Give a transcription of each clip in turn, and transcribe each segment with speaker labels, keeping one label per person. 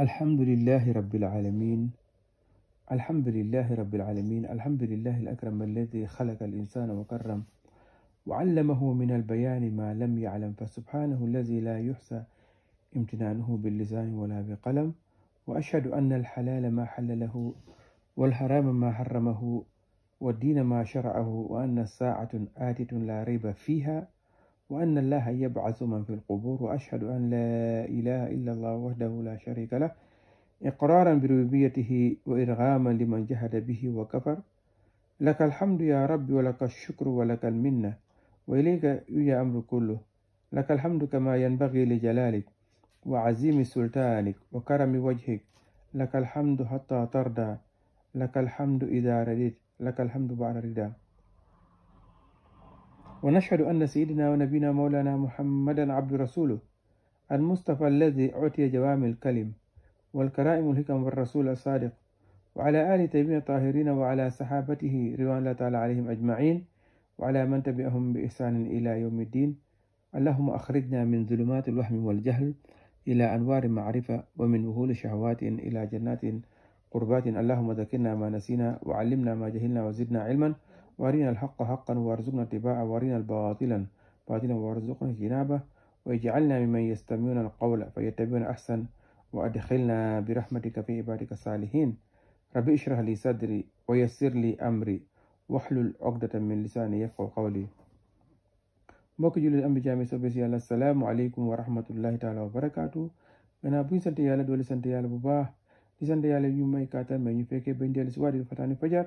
Speaker 1: الحمد لله رب العالمين الحمد لله رب العالمين الحمد لله الأكرم الذي خلق الإنسان وكرم وعلمه من البيان ما لم يعلم فسبحانه الذي لا يحصى امتنانه باللسان ولا بقلم وأشهد أن الحلال ما حلله والحرام ما حرمه والدين ما شرعه وأن الساعة آتة لا ريب فيها وأن الله يبعث من في القبور وأشهد أن لا إله إلا الله وحده لا شريك له إقرارا بربوبيته وإرغاما لمن جهد به وكفر لك الحمد يا رب ولك الشكر ولك المنة وإليك يجي أمر كله لك الحمد كما ينبغي لجلالك وعزيم سلطانك وكرم وجهك لك الحمد حتى ترضى لك الحمد إذا رديت لك الحمد بعد رضا ونشهد أن سيدنا ونبينا مولانا محمدا عبد رسوله المصطفى الذي أعطي جوامع الكلم والكرائم الحكم والرسول الصادق وعلى آل طيبين الطاهرين وعلى صحابته رضوان الله تعالى عليهم أجمعين وعلى من تبعهم بإحسان إلى يوم الدين اللهم أخرجنا من ظلمات الوهم والجهل إلى أنوار المعرفة ومن وهول شهوات إلى جنات قربات اللهم ذكرنا ما نسينا وعلمنا ما جهلنا وزدنا علما وارنا الحق حقا وارزقنا اتباعه وارنا الباطلا باطلا وارزقنا اجتنابه واجعلنا ممن يستمعون القول فيتبعون احسن وادخلنا برحمتك في عبادك الصالحين ربي اشرح لي صدري ويسر لي امري واحلل عقدة من لساني يفقه قولي بوك جولي الامر جامع سبيسي السلام عليكم ورحمة الله تعالى وبركاته من ابوين سنتيال دولي سنتيالا بباه لسنتيالا يوم ما من يفكي بين ديالي سواري الفتاني فجر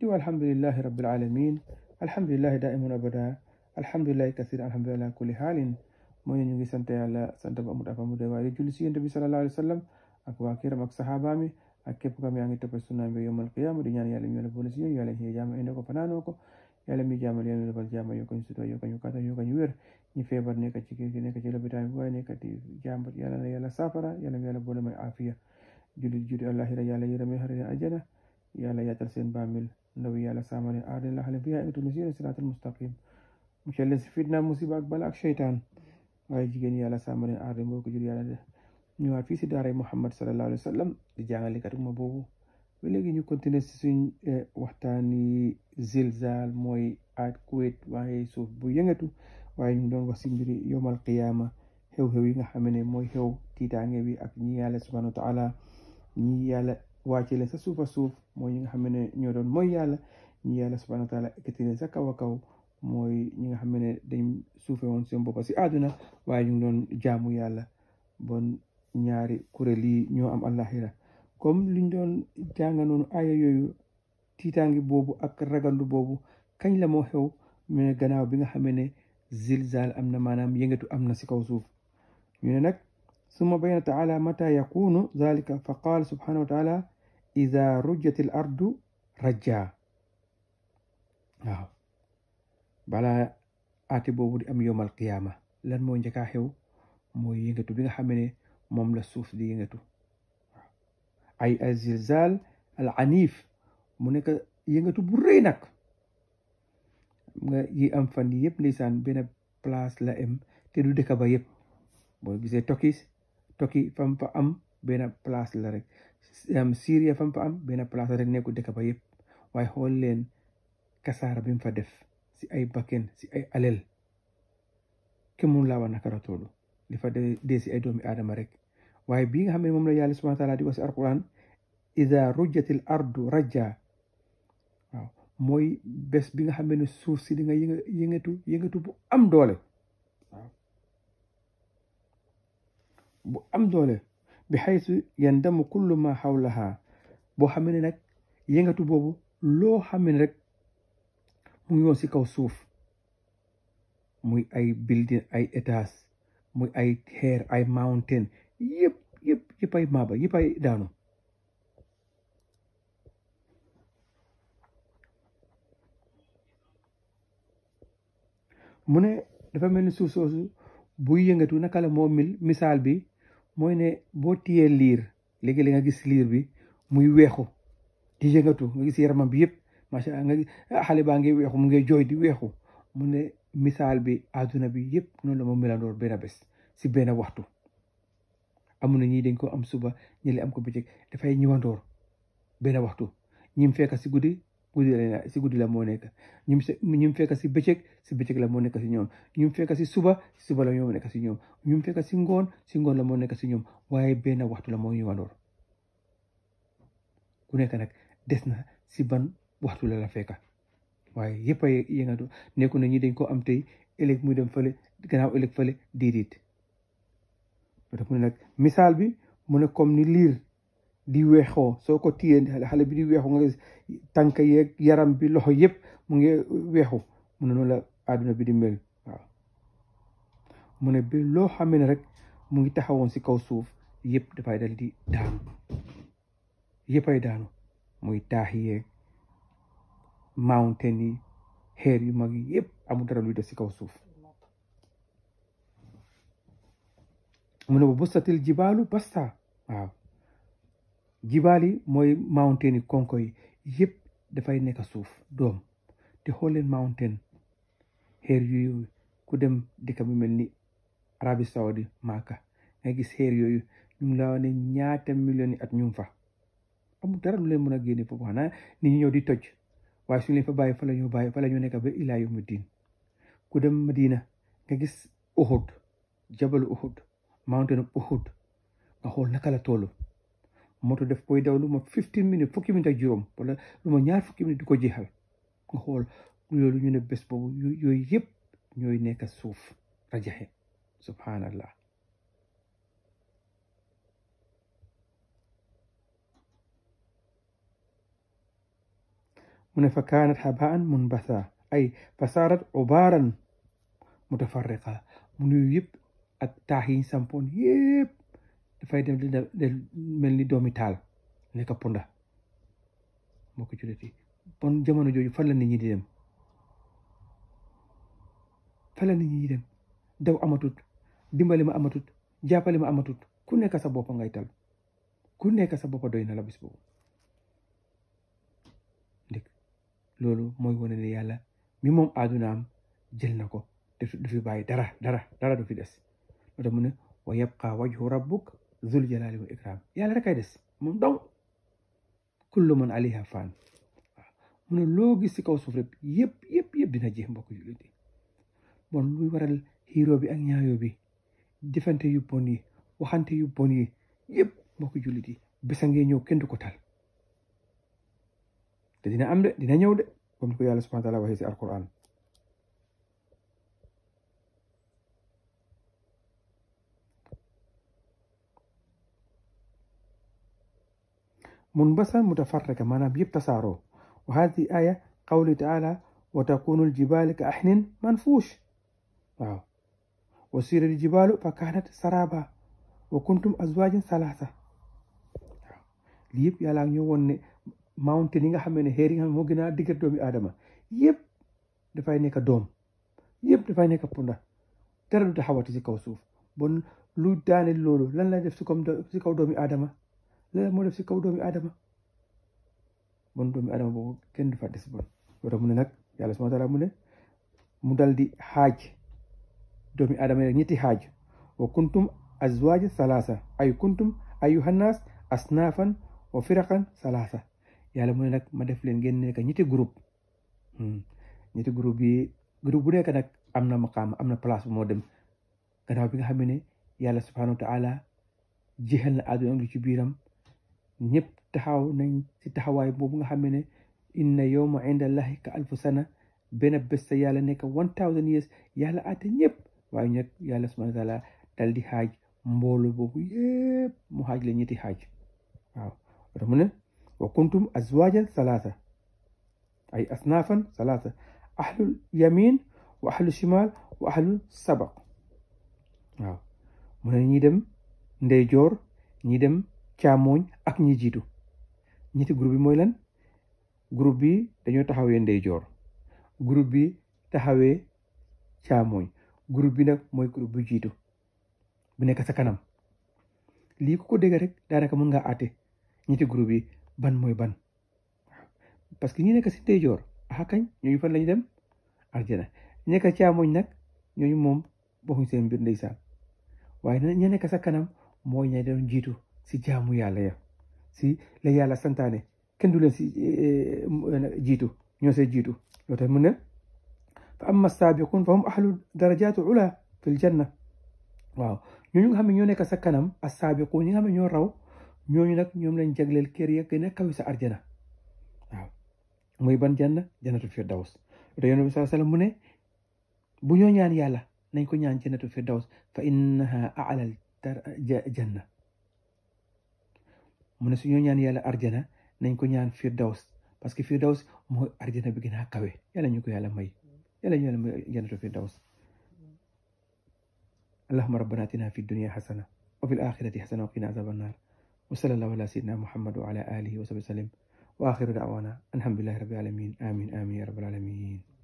Speaker 1: دي والحمد لله رب العالمين الحمد لله دائما ابدا الحمد لله كثير الحمد لله كل حال موي نيغي سانتا يالا سانتا با مودا با مودا واري جولي سي النبي صلى الله عليه وسلم اك واكير مك صحابامي اك كيب كام ياغي تبا سنا بي يوم القيامه دي نيان يالا ميو لا بولسي يو يالا هي جامع اندكو فنانوكو يالا مي جامع يالا لو بال جامع يوكو نسيتو يوكو نيو كاتا يوكو نيوير ني فيبر نيكا تشي كي نيكا تشي لوبيتاي بوي نيكا تي جامع يالا يالا سافرا يالا يالا بولماي عافيه جولي جولي الله يالا يرمي هر اجنا يالا ياتر سين باميل نبي على سامر الأرض الله اللي فيها إنتو نسير سلعة المستقيم مش اللي سفيدنا مصيبة أقبل أك شيطان وهي يالا سامر الأرض موكو جيري على ده في سداري محمد صلى الله عليه وسلم دي جانا لك رمو بوبو ولكن نيو كنتيني سسين إيه، وحتاني زلزال موي آت كويت وهي سوف بو ينغتو وهي نون وسين بري يوم القيامة هو هو ينغ حميني موي هو تيتاني بي أك نيالا سبحانه وتعالى نيالا wàcce leen sa suufa suuf mooy ñi nga xam ne ñoo doon mooy yàlla ñi yàlla subhaana wa taala ekkati sa kaw a mooy ñi nga xam ne dañ suufe woon seen bopp si àdduna waaye ñu ngi doon jaamu yàlla bon ñaari kuréel yi ñoo am àllaaxira comme liñ doon jànga noonu aaya yooyu tiitaangi boobu ak ragandu boobu kañ la moo xew mu ne gannaaw bi nga xam ne zilzal am na maanaam yëngatu am na si kaw suuf ñu nag summa bayna taala mata yakunu zalika fa qaal subhanahu wa ida rujjatil ardu rajja waaw balaa boobu di am yowmal qiyaama lan moo njëkkaa xew mooy yëngatu bi nga xam ne moom la suuf di yëngatu ay azilzal al anif mu nekk yëngatu bu nag nga yi am fan yi yëpp ndeysaan benn place la am te du dëkk ba yëpp boo gisee tokki tokki fam fa am benn place la rek Syria fam fa am benn place rek nekku dëkk ba yëpp waaye xool leen kasaara bi mu fa def si ay bakken si ay alel ken mun laa wax naka la toll li fa dee si ay doomi aadama rek waaye bii nga xam ne moom la yàlla subhana taala di wax si alquran ida rujjatil ardu rajja mooy bés bi nga xam ne suuf si di nga yëngatu yëngatu bu am doole waaw bu am doole bi xaysu yandamu kullu ma xawlaha boo xam ne nag yëngatu boobu loo xam ne rek mu ngi woon si kaw suuf muy ay building ay étage muy ay xeer ay mountain yëpp yëpp yëpp ay maaba yëpp ay daanu mu ne dafa mel ni suuf soosu buy yëngatu naka la moo misaal bi mooy ne boo tiyee liir léegi-léeg nga gis liir bi muy weexu di jegatu nga gis yaramam bi yëpp macha allah nga gis ah, xale baa ngi weexu mu ngi jooy di weexu mu ne misaal bi àdduna bi yëpp noonu la ma melandoor benn bes si benn waxtu amu na ñii dañ ko am suba ñi am ko bëccëg dafay ñëwandoor benn waxtu ñim fekk si guddi guddi la si guddi la moo nekk ñum ñum fekk si bëccëg si bëccëg la moo nekk si ñoom ñum fekk si suba si suba la moo nekk si ñoom ñum fekk si ngoon si ngoon la moo nekk si ñoom waaye benn waxtu la moo ñëwandoor ku nekk nag des na si ban waxtu la la fekka waaye yëpp a yëngatu nekku na ñi dañ ko am tey ëllëg muy dem fële gannaaw ëllëg fële déedéet mu ne misaal bi mu ne comme ni liir di weexoo soo ko téyee xale bi di weexu nga tànk yeeg yaram bi loxo yëpp mu ngi weexu mu ne noonu la àdduna bi di mel waaw mu ne bi loo xamee ne rek mu ngi taxawoon si kaw suuf yëpp dafay dal di daanu yëpp ay daanu muy taax yeeg mountain yi xeer yu mag yëpp amul dara luy def si kaw suuf mun ne bu bustatil jibaalu basta waaw jibaali moy mountain konko yi yépp dafay nekka suuf doom te xooleen mountain xeer yooyu ku dem dikka bu mel ni arabi saudi maaka ngay gis xeer yooyu ñu ngi la ne ñaata million at ñu fa amul dara lu leen mën a génne foofu xanaa nit ñi ñëw di toj waaye suñu leen fa bàyyi fa la ñoo bàyyi fa la ñoo nekka ba ilaa yow madin ku dem madina nga gis uhud jabalu uhud mountain uhud nga xool naka la toolu moto def koy daw lu ma fifteen minutes fukki minutes ak juróom wala lu ma ñaar fukki minutes di ko jeexal nga xool loolu yooyu yëpp ñooy nekk suuf rajaxe subhanallah mu ne fa kaanat habaan munbasa ay fasaarat ubaaran mutafarriqa mu nuyu yëpp ak taax yiñ sampoon yëpp dafay dem di mel ni doomi taal nekk ponda moo ko julliti bon jamono jooju fan la nit ñi di dem fan daw amatut dimbali ma amatut jàppale ma amatut ku nekk sa bopp ngay tal ku nekk sa bopp doy na la boobu ndég loolu mooy wane ne yàlla mi moom àddunaam jël na ko du fi bàyyi dara dara dara du fi des loolu mu ne wa yabqa wajhu rabbuk zul jalaali wal ikraam yàlla rek ay des moom donc kullu man aliha faan waaw mu ne loo gis si kaw suuf rek yëpp yëpp yëpp dina jeex mbokk jullit yi bon luy waral xiiroo bi ak ñaayoo bi jëfante yu bon yi waxante yu bon yi yëpp mbokk jullit yi bisa ngee ñëw kenn du ko tal te dina am de dina ñëw de comme ni ko yàlla subhanahu wa taala waxee si alquran منبسا متفرقة معناها بيبقى صاروا وهذه آية قوله تعالى وتكون الجبال كأحن منفوش واو وسير الجبال فكانت سرابا وكنتم أزواج ثلاثة ليب يلا ñu won ne mountain yi nga xamé ne xéer yi nga xamé mo gëna digër doomi adama yépp dafay nekk doom yépp dafay nekk punda dara du taxawati ci kaw suuf bon lu daane loolu lan lay def ci kaw doomi adama leneen moo def si kaw doomi aadama bon doomi boobu kenn du fa des bon loolu tax mu ne nag yàlla subhaanahu wa taala mu ne mu dal di xaaj doomi adama yi ñetti xaaj wa kuntum azwaaj salaasa ay kuntum ayuhannaas asnaafan wa firaqan salaasa yàlla mu ne nag ma def leen ngeen nekk ñetti groupe hmm. ñetti groupe yi groupe bu nekk nag am na maqaam am na place moo dem gannaaw bi nga xam ne yàlla subhaanahu wa taala jeexal na àdduna lu ci biiram ñëpp taxaw nañ ci taxaway boobu nga xam ne inna yawma inda llahi ka alf sana ben bés sa yàlla nek 1000 years yàlla até ñëpp way ñet yàlla wa taala dal di haaj mboolo bobu yëpp mu haaj la ñetti haaj waaw wata ne wa kuntum azwajan salaasa ay asnafan salaasa ahlul yamin wa ahlu shimal wa ahlu sabaq waaw mu ne ñi dem jor ñi dem càmmooñ ak ñi jiitu ñetti groupe bi mooy lan groupe bi dañoo taxawee ndeyjoor groupe bi taxawee càmmooñ groupe bi nag mooy groupe bu jiitu bu nekk sa kanam lii ku ko dégg rek daanaka mën nga àtte ñetti groupe yi ban mooy ban parce que ñi nekk si ndeyjoor ah kañ ñooñu fan lañu dem arjana ñi nekk càmmooñ nag ñooñu moom bokkuñ seen mbir ndeysaan waaye ña mooy ña doon jiitu si jaamu yàlla ya si la yàlla santaane kenn du leen si eh, eh, eh, jiitu ñoo see jiitu loo tax mu ne fa amma saabiquun fa hum ahlu darajaatu ula fil janna waaw ñooñu nga xam ne ñoo nekk sa kanam as saabiquun ñi xam ne ñoo raw ñooñu nag ñoom lañ jagleel kër ya gën sa arjana waaw muy ban janna janatu firdaws loo tax yonent bi mu ne bu ñoo ñaan yàlla nañ ko ñaan jannatu firdaws fa innaha a'la mu ne suñu ñaan yàlla arjana nañ ko ñaan firdaws parce que firdaws mo arjana bi gëna a kawe yàlla ñu ko yàlla may yàlla ñu yàlla may jannatu firdaws اللهم ربنا اتنا في الدنيا حسنه وفي الاخره حسنه وقنا عذاب النار وصلى الله على سيدنا محمد وعلى اله وصحبه وسلم واخر دعوانا الحمد لله رب العالمين امين امين يا رب العالمين